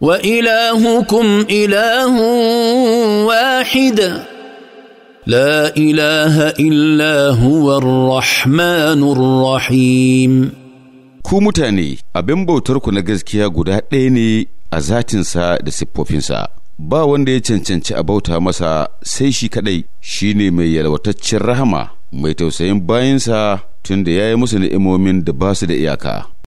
والهكم اله واحد لا اله الا هو الرحمن الرحيم ku mutane abin bautarku na gaskiya guda ɗaya ne a zatinsa da siffofinsa ba wanda ya cancanci a bauta masa sai shi kaɗai shi ne mai yalwataccen rahama mai tausayin bayansa tun da ya yi musu ni'imomin da ba su da iyaka